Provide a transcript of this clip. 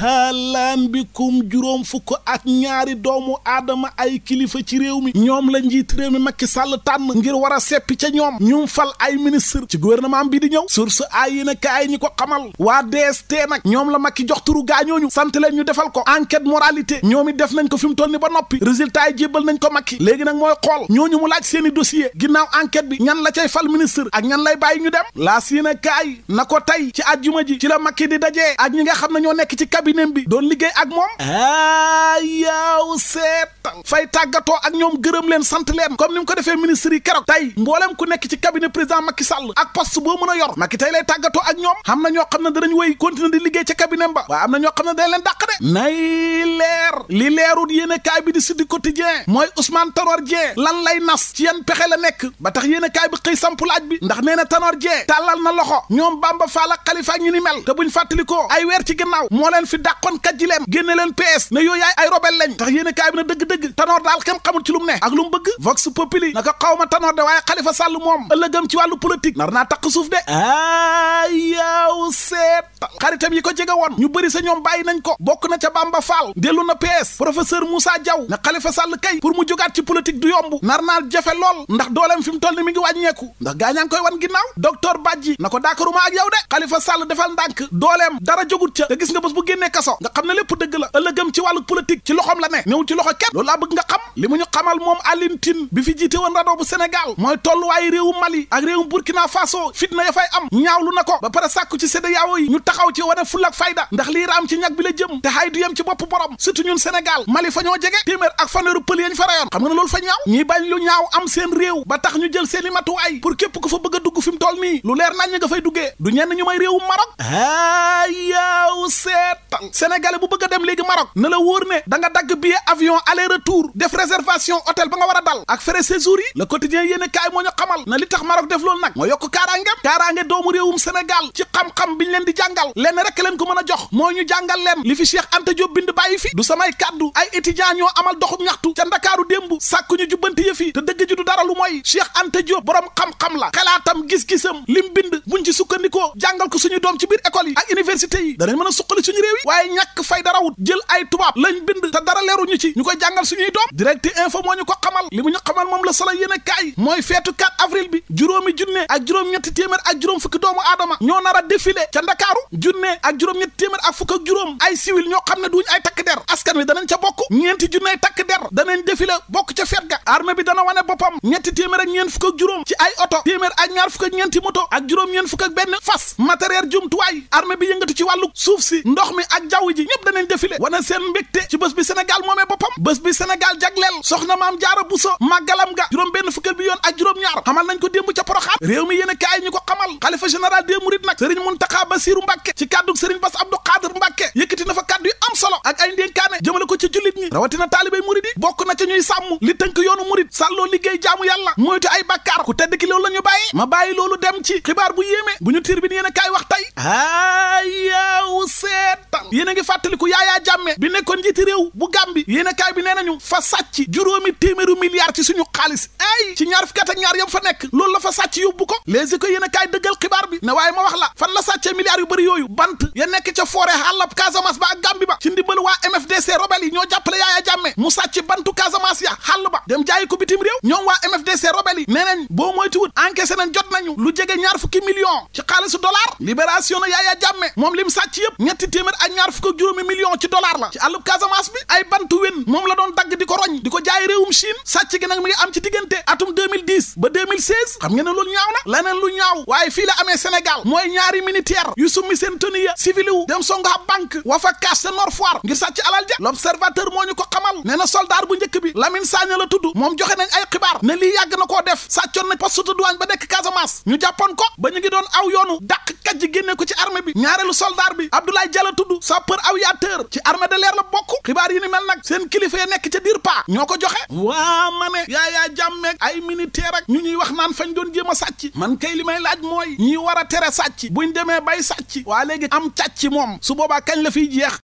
hello. mbikum juróom fukk ak ñaari doomu aadama ay kilifa ci réew mi ñoom la njiit réew mi Macky Sall tànn ngir war a seppi ca ñoom ñu fal ay ministre ci gouvernement bi di ñëw source ay yéen a kaay ñi ko xamal waa DST nag ñoom la Macky jox turu gaañooñu sant leen ñu defal ko enquête moralité ñoom it def nañ ko fi mu toll ni ba noppi résultat yi jébbal nañ ko Macky léegi nag mooy xool ñooñu mu laaj seeni dossier ginnaaw enquête bi ñan la cay fal ministre ak ñan lay bàyyi ñu dem laas yéen a kaay na ko tey ci àjjuma ji ci la Macky di dajee ak ñi nga xam ne ñoo nekk ci cabinet liggéey ak moom a set fay tàggatoo ak ñoom gërëm leen sant leen comme ni mu ko defee ministre yi keroog tey mbooleem ku nekk ci cabinet président Macky Sall ak poste boo mën a yor Macky tey lay tàggatoo ak ñoom xam na ñoo xam ne danañ woy continuer di liggéey ca cabinet ba waaye am na ñoo xam ne dañ leen dàq de nay leer li leerul yéen kaay bi di Sud Quotidien mooy Ousmane Tanor Dieng lan lay nas ci yan pexe la nekk ba tax yéen kaay bi xëy samp laaj bi ndax nee na Tanor Dieng tàllal na loxo ñoom Bamba Fall ak Khalifa ñu ni mel te buñ fàttalikoo ay weer ci gannaaw moo leen fi dàqoon kat ji gileem génne leen PS ne yooyu yaay ay robel lañ tax yéen a kaay na dëgg lu mu ne ak lu mu bëgg vox populi naka xaw ma tanoor de waaye xalifa sàll moom ëllëgam ci wàllu politique nar naa taq suuf de a yaaw seet xaritam yi ko jege woon ñu bëri sa ñoom bàyyi nañ ko bokk na ca ba Fall dellu na PS professeur Moussa Diaw ne xalifa sàll kay pour mu jógaat ci politique du yomb nar naa jafe lool ndax dooleem fi mu toll ni mi ngi wàññeeku ndax gaañaa ngi koy wan ginnaaw docteur Badji na ko daakaruma ak yow de xalifa sall defal ndànk dooleem dara jógut ca te gis nga bés bu génnee kaso nga xam ne lépp dëgg la ëllëgëm ci wàllu politique ci loxoom la ne néew ci loxo kenn loolu laa nga xam li mu ñu xamal moom Alioune Tine bi fi jiite woon rajo bu Sénégal mooy tolluwaayu réewu Mali ak réewu Burkina Faso fitna ya fay am ñaawlu na ko ba pare sàkku ci CEDEAO yi ñu taxaw ci wane fulla ak fayda ndax lii raam ci ñag bi la jëm te xay du yem ci bopp borom surtout ñun Sénégal Mali fa ñoo jege téeméer ak fanweeru pël yañ fa rayoon xam nga ne loolu fa ñaaw ñi bañ lu ñaaw am seen ba tax dugg fi mu toll nii lu leer nañ nga fay duggee du ñenn ñu may réewu Maroc aa yaw bëgg dem léegi Maroc na la wóor ne da nga dagg billet avion aller retour def réservation hôtel ba nga war a dal ak frais séjour yi le quotidien yéen kaay moo ñu xamal na li tax Maroc def loolu nag moo yokk kaaraangem kaaraange doomu réewum Sénégal ci xam-xam biñ leen di jàngal lenn rek leen ko mën a jox moo ñu jàngal leen li fi Cheikh Anta Diop bind bàyyi fi du samay kàddu ay étudiants ñoo amal doxub ñaxtu ca Ndakaaru démb sàkku ñu jubbanti yëf yi te dëgg ju dara lu mooy Cheikh Anta Diop xam-xam xalaatam gis-gisam lim bind buñ ci sukkandikoo jàngal ko suñu doom ci biir école yi ak université a suqali suñu ay dara wut jël ay tubaab lañ bind te dara ci ñu ko jàngal suñuy doom direct info ñu ko xamal li mu ñu xamal moom la sala yéen a kaay mooy feetu 4 avril bi juróomi junne ak juróom-ñetti téeméer ak juróom fukki doomu aadama ñoo a défilé ca ndakaaru junne ak juróom-ñetti ak fukk ak ay civil ñoo xam ne duñu ay takk der askan wi danañ ca bokk ñeenti junney takk der danañ défilé bokk ca feet ga armée bi dana wane boppam ñetti téeméer ak ñeent fukk ak juróom ci ay oto téeméer ak ñaar fukk ak ñeenti moto ak juróom-ñeent fukk ak benn fas matériel jumtuwaay armée bi yëngatu ci wàllu suuf si ndox mi ak jaww ji ñëpp danañ défilé wane seen mbégte ci bés bi Sénégal boppam bés bi Sénégal jagleel soxna maam jaara buso màggalam ga juróom benn fukkal bi yoon ak juróom-ñaar xamal nañ ko démb ca poroxaat réew mi yéen ñu ko xamal xalifa général des mourides nag sëriñ Muntaxa Basiru Mbàkke ci kàddug sëriñ Bass Abdou Xaadir Mbàkke yëkkati na fa kàddu yu am solo ak ay ndénkaane jëmale ko ci jullit ñi rawatina taalibay murid yi bokk na ca ñuy sàmm li tënk yoonu murid sàlloo liggéey jaamu yàlla moytu ay bàkkaar yéenekaay bi nee nañu fa sàcc juróomi téeméeru milliards ci suñu xaalis ay ci ñaar fukki at ñaar yam fa nekk loolu la fa sàcc yóbbu ko les éco yéenekaay dëggal xibaar bi ne waaye ma wax la fan la sàccee milliards yu bëri yooyu bant ya nekk ca forêt àllab Casamance ba ak MFDC rebelle yi ñoo jàppale Yaya mu sàcc bantu Casamance ya xàll ba dem jaayi ko bitim réew ñoom waa MFDC rebelle yi boo moytuwut encaissé nañ jot nañu lu jege ñaar fukki million ci xaalisu dollar libération na Yaya moom li mu sàcc yëpp ñetti téeméer ak ñaar fukki juróomi million ci dollar la ci àllub Casamance bi ay bantu wén moom la doon dagg jaay réewum Chine sàcc gi nag mi ngi am ci diggante atum ba xam ngeen loolu ñaaw na leneen lu ñaaw waaye fii la amee Sénégal mooy ñaari militaire yu summi seen tenue ya civil dem songo ab banque wa fa cash sa Nord Foire ngir sàcc alal ja l'observateur moo ñu ko xamal nee na bu njëkk bi Lamine Sagna la moom joxe nañ ay xibaar ne yàgg na koo def sàccoon na poste de ba nekk Casamance ñu jàppoon ko ba ñu ngi doon aw yoonu dàq kajji génne yi ni mel joxe waa ma ne yaayaa jàmmeeg ay militaire ak ñu ñuy wax naan fañ doon jéem a sàcc man kay li may laaj mooy ñi war a tere sàcc buñ demee bay sàcc waa léegi am càcc moom su boobaa kañ la fiy jeex